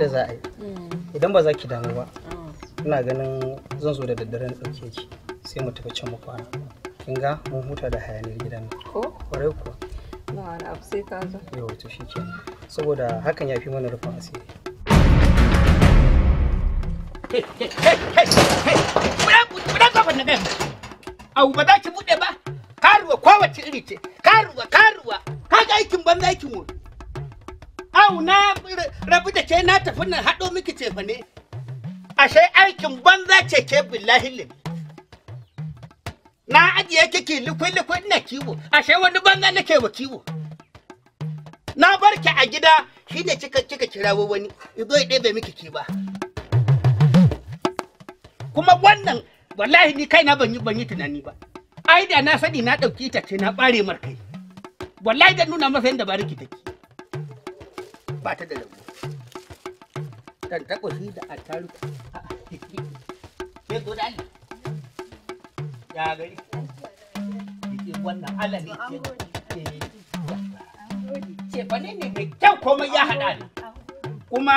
da za a yi mm. idan ba za ki damu ba mm. ina ganin zan zo da daddare na ɗauke ki sai mu tafi can mu kwana kin ga mun huta da hayaniyar gidan ko kwarai kuwa ba wani abu sai ka zo yau to shi ke saboda hakan ya fi mana rufin asiri Kudan Abu ba za ki buɗe ba, karuwa kowace iri ce, karuwa, karuwa, kaga aikin banza aikin wuri. yau na rabu da ke na tafi nan haɗo miki tefa ne ashe aikin banza ce ke billahi na ajiye kiki likwai likwai ina kiwo ashe wani banza nake wa kiwo na bar ki a gida shine kika kika kirawo wani izo ya ɗebe miki kiba kuma wannan wallahi ni na ban yi ban yi tunani ba ai da na sani na ɗauki ce na ɓare markai wallahi da nuna masa yadda bariki take ba ta da rabo tantakwa shi da attaru ke guda ne ya gari ke wannan alami ce ba ne ne mai kyau kuma ya haɗa ne kuma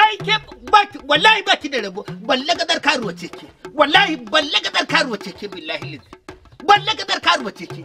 ai ke baki wallahi baki da rabo balle gadar karuwa ce ke wallahi balle gadar karuwa ce ke billahi lillahi balle gadar karuwa ce ke